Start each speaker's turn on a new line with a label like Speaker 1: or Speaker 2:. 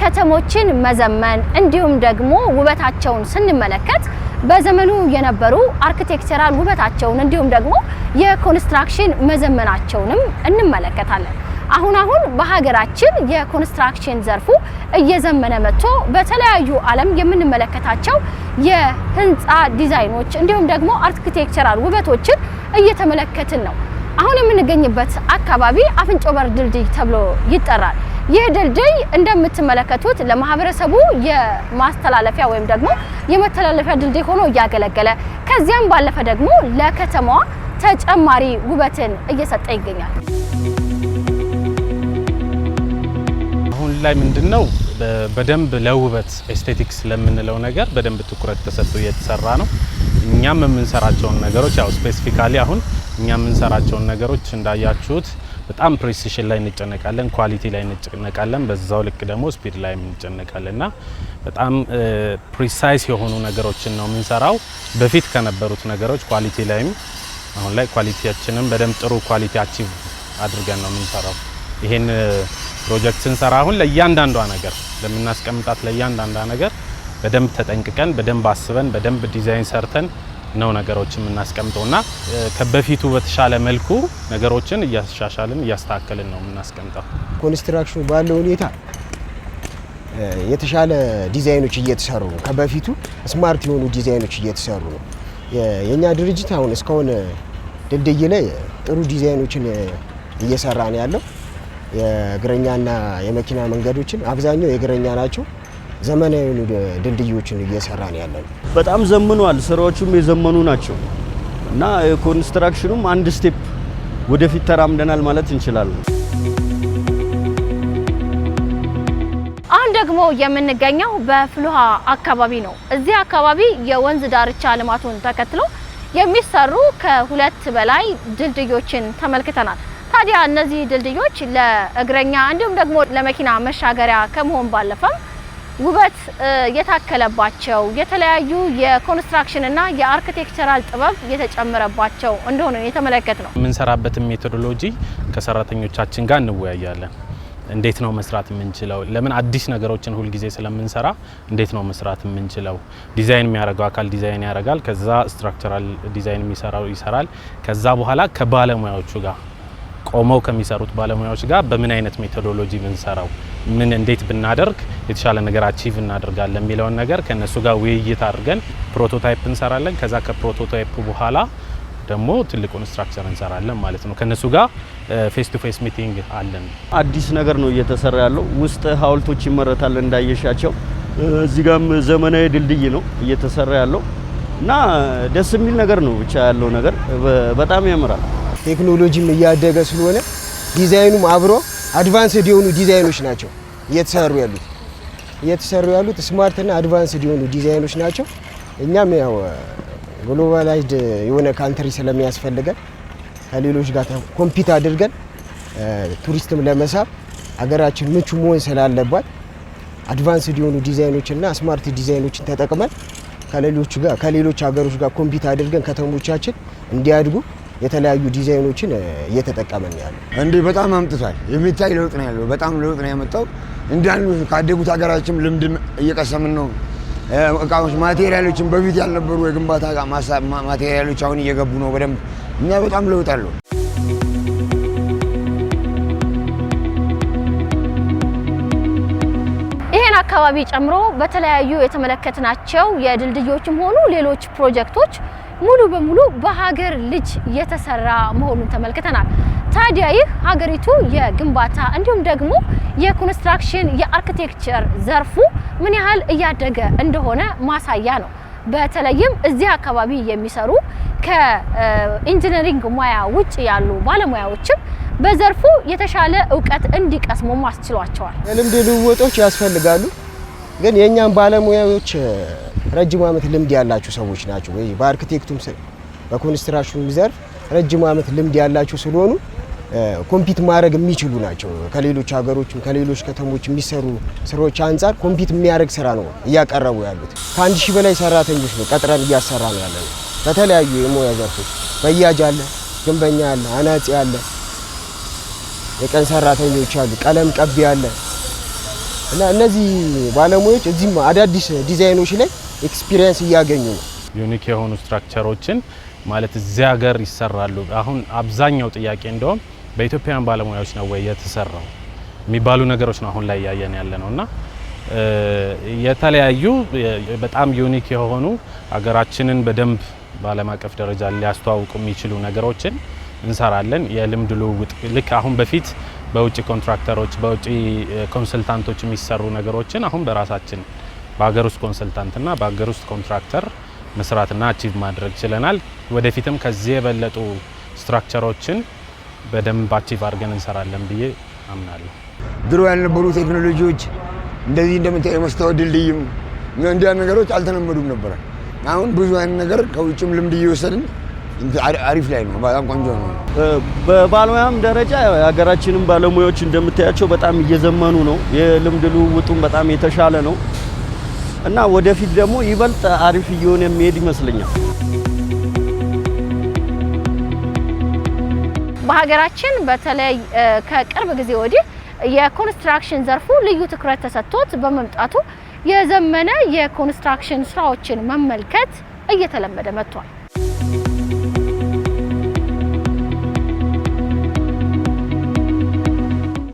Speaker 1: ከተሞችን መዘመን እንዲሁም ደግሞ ውበታቸውን ስንመለከት በዘመኑ የነበሩ አርክቴክቸራል ውበታቸውን እንዲሁም ደግሞ የኮንስትራክሽን መዘመናቸውንም እንመለከታለን። አሁን አሁን በሀገራችን የኮንስትራክሽን ዘርፉ እየዘመነ መጥቶ በተለያዩ ዓለም የምንመለከታቸው የህንፃ ዲዛይኖች እንዲሁም ደግሞ አርክቴክቸራል ውበቶችን እየተመለከትን ነው። አሁን የምንገኝበት አካባቢ አፍንጮ በር ድልድይ ተብሎ ይጠራል። ይህ ድልድይ እንደምትመለከቱት ለማህበረሰቡ የማስተላለፊያ ወይም ደግሞ የመተላለፊያ ድልድይ ሆኖ እያገለገለ ከዚያም ባለፈ ደግሞ ለከተማዋ ተጨማሪ ውበትን እየሰጠ ይገኛል።
Speaker 2: አሁን ላይ ምንድን ነው በደንብ ለውበት ኤስቴቲክስ ለምንለው ነገር በደንብ ትኩረት ተሰጥቶ እየተሰራ ነው። እኛም የምንሰራቸውን ነገሮች ያው ስፔሲፊካሊ አሁን እኛ የምንሰራቸውን ነገሮች እንዳያችሁት በጣም ፕሪሲሽን ላይ እንጨነቃለን፣ ኳሊቲ ላይ እንጨነቃለን፣ በዛው ልክ ደግሞ ስፒድ ላይ እንጨነቃለን እና በጣም ፕሪሳይስ የሆኑ ነገሮችን ነው የምንሰራው። በፊት ከነበሩት ነገሮች ኳሊቲ ላይም አሁን ላይ ኳሊቲያችንም በደንብ ጥሩ ኳሊቲ አቺቭ አድርገን ነው የምንሰራው። ይሄን ፕሮጀክት ስንሰራ አሁን ለእያንዳንዷ ነገር ለምናስቀምጣት ለእያንዳንዷ ነገር በደንብ ተጠንቅቀን በደንብ አስበን በደንብ ዲዛይን ሰርተን ነው ነገሮች የምናስቀምጠው እና ከበፊቱ በተሻለ መልኩ ነገሮችን እያሻሻልን እያስተካከልን ነው የምናስቀምጠው።
Speaker 3: ኮንስትራክሽኑ ባለው ሁኔታ የተሻለ ዲዛይኖች እየተሰሩ ነው። ከበፊቱ ስማርት የሆኑ ዲዛይኖች እየተሰሩ ነው። የእኛ ድርጅት አሁን እስካሁን ድልድይ ላይ ጥሩ ዲዛይኖችን እየሰራ ነው ያለው። የእግረኛና የመኪና መንገዶችን አብዛኛው የእግረኛ ናቸው። ዘመናዊ ድልድዮችን እየሰራ ነው
Speaker 4: በጣም ዘምኗል። ስራዎቹም የዘመኑ ናቸው እና ኮንስትራክሽኑም አንድ ስቴፕ ወደፊት ተራምደናል ማለት እንችላለን።
Speaker 1: አሁን ደግሞ የምንገኘው በፍልውሃ አካባቢ ነው። እዚህ አካባቢ የወንዝ ዳርቻ ልማቱን ተከትሎ የሚሰሩ ከሁለት በላይ ድልድዮችን ተመልክተናል። ታዲያ እነዚህ ድልድዮች ለእግረኛ እንዲሁም ደግሞ ለመኪና መሻገሪያ ከመሆን ባለፈም ውበት የታከለባቸው የተለያዩ የኮንስትራክሽን እና የአርክቴክቸራል ጥበብ የተጨመረባቸው እንደሆነ የተመለከት ነው።
Speaker 5: የምንሰራበትን ሜቶዶሎጂ ከሰራተኞቻችን ጋር እንወያያለን። እንዴት ነው መስራት የምንችለው? ለምን አዲስ ነገሮችን ሁልጊዜ ስለምንሰራ እንዴት ነው መስራት የምንችለው? ዲዛይን የሚያደርገው አካል ዲዛይን ያደርጋል። ከዛ ስትራክቸራል ዲዛይን የሚሰራው ይሰራል። ከዛ በኋላ ከባለሙያዎቹ ጋር ቆመው ከሚሰሩት ባለሙያዎች ጋር በምን አይነት ሜቶዶሎጂ ብንሰራው ምን እንዴት ብናደርግ የተሻለ ነገር አቺቭ እናደርጋለን የሚለውን ነገር ከእነሱ ጋር ውይይት አድርገን ፕሮቶታይፕ እንሰራለን። ከዛ ከፕሮቶታይፕ በኋላ ደግሞ ትልቁን ስትራክቸር እንሰራለን ማለት ነው። ከእነሱ ጋር ፌስ ቱ ፌስ ሚቲንግ አለን።
Speaker 4: አዲስ ነገር ነው እየተሰራ ያለው። ውስጥ ሀውልቶች ይመረታል እንዳየሻቸው። እዚህ ጋም ዘመናዊ ድልድይ ነው እየተሰራ ያለው እና ደስ የሚል ነገር ነው ብቻ ያለው ነገር በጣም ያምራል።
Speaker 3: ቴክኖሎጂም እያደገ ስለሆነ ዲዛይኑም አብሮ አድቫንስድ የሆኑ ዲዛይኖች ናቸው እየተሰሩ ያሉት እየተሰሩ ያሉት ስማርትና አድቫንስድ የሆኑ ዲዛይኖች ናቸው። እኛም ያው ግሎባላይዝድ የሆነ ካንትሪ ስለሚያስፈልገን ከሌሎች ጋር ኮምፒት አድርገን ቱሪስትም ለመሳብ ሀገራችን ምቹ መሆን ስላለባት አድቫንስድ የሆኑ ዲዛይኖችና ስማርት ዲዛይኖችን ተጠቅመን ከሌሎች ጋር ከሌሎች ሀገሮች ጋር ኮምፒት አድርገን ከተሞቻችን እንዲያድጉ የተለያዩ ዲዛይኖችን እየተጠቀመን ያለ
Speaker 4: እንዴ። በጣም አምጥቷል። የሚታይ ለውጥ ነው ያለው። በጣም ለውጥ ነው ያመጣው። እንዳንዱ ካደጉት ሀገራችን ልምድ እየቀሰምን ነው። እቃዎች፣ ማቴሪያሎችን በፊት ያልነበሩ የግንባታ ማቴሪያሎች አሁን እየገቡ ነው በደንብ እኛ በጣም ለውጥ አለው።
Speaker 1: ይህን አካባቢ ጨምሮ በተለያዩ የተመለከትናቸው የድልድዮችም ሆኑ ሌሎች ፕሮጀክቶች ሙሉ በሙሉ በሀገር ልጅ የተሰራ መሆኑን ተመልክተናል። ታዲያ ይህ ሀገሪቱ የግንባታ እንዲሁም ደግሞ የኮንስትራክሽን የአርክቴክቸር ዘርፉ ምን ያህል እያደገ እንደሆነ ማሳያ ነው። በተለይም እዚህ አካባቢ የሚሰሩ ከኢንጂነሪንግ ሙያ ውጭ ያሉ ባለሙያዎችም በዘርፉ የተሻለ እውቀት እንዲቀስሙ አስችሏቸዋል።
Speaker 4: የልምድ ልውውጦች ያስፈልጋሉ፣ ግን የእኛም ባለሙያዎች ረጅም ዓመት ልምድ ያላችሁ ሰዎች ናቸው ወይ? በአርክቴክቱም በኮንስትራክሽኑም ዘርፍ ረጅም ዓመት ልምድ ያላችሁ ስለሆኑ ኮምፒት ማድረግ የሚችሉ ናቸው። ከሌሎች ሀገሮችም ከሌሎች ከተሞች የሚሰሩ ስራዎች አንጻር ኮምፒት የሚያደርግ ስራ ነው እያቀረቡ ያሉት። ከአንድ ሺህ በላይ ሰራተኞች ነው ቀጥረን እያሰራ ነው ያለ በተለያዩ የሙያ ዘርፎች በያጅ አለ፣ ግንበኛ አለ፣ አናጺ አለ፣ የቀን ሰራተኞች አሉ፣ ቀለም ቀቢ አለ እና እነዚህ ባለሙያዎች እዚህም አዳዲስ ዲዛይኖች ላይ ኤክስፒሪየንስ እያገኙ ነው።
Speaker 5: ዩኒክ የሆኑ ስትራክቸሮችን ማለት እዚያ ሀገር ይሰራሉ። አሁን አብዛኛው ጥያቄ እንደውም በኢትዮጵያውያን ባለሙያዎች ነው ወይ የተሰራው የሚባሉ ነገሮች ነው አሁን ላይ እያየን ያለ ነው እና የተለያዩ በጣም ዩኒክ የሆኑ ሀገራችንን በደንብ በዓለም አቀፍ ደረጃ ሊያስተዋውቁ የሚችሉ ነገሮችን እንሰራለን። የልምድ ልውውጥ ልክ አሁን በፊት በውጭ ኮንትራክተሮች፣ በውጭ ኮንስልታንቶች የሚሰሩ ነገሮችን አሁን በራሳችን በሀገር ውስጥ ኮንሰልታንትና በሀገር ውስጥ ኮንትራክተር መስራትና አቺቭ ማድረግ ችለናል። ወደፊትም ከዚህ የበለጡ ስትራክቸሮችን በደንብ አቺቭ አድርገን እንሰራለን ብዬ አምናለሁ።
Speaker 3: ድሮ ያልነበሩ ቴክኖሎጂዎች እንደዚህ እንደምታየው የመስታወት ድልድይም እንዲያ ነገሮች አልተለመዱም ነበረ። አሁን ብዙ አይነት ነገር ከውጭም ልምድ እየወሰድን አሪፍ ላይ ነው። በጣም ቆንጆ ነው።
Speaker 4: በባለሙያም ደረጃ የሀገራችንም ባለሙያዎች እንደምታያቸው በጣም እየዘመኑ ነው። የልምድ ልውውጡም በጣም የተሻለ ነው። እና ወደፊት ደግሞ ይበልጥ አሪፍ እየሆነ የሚሄድ ይመስለኛል።
Speaker 1: በሀገራችን በተለይ ከቅርብ ጊዜ ወዲህ የኮንስትራክሽን ዘርፉ ልዩ ትኩረት ተሰጥቶት በመምጣቱ የዘመነ የኮንስትራክሽን ስራዎችን መመልከት እየተለመደ መጥቷል።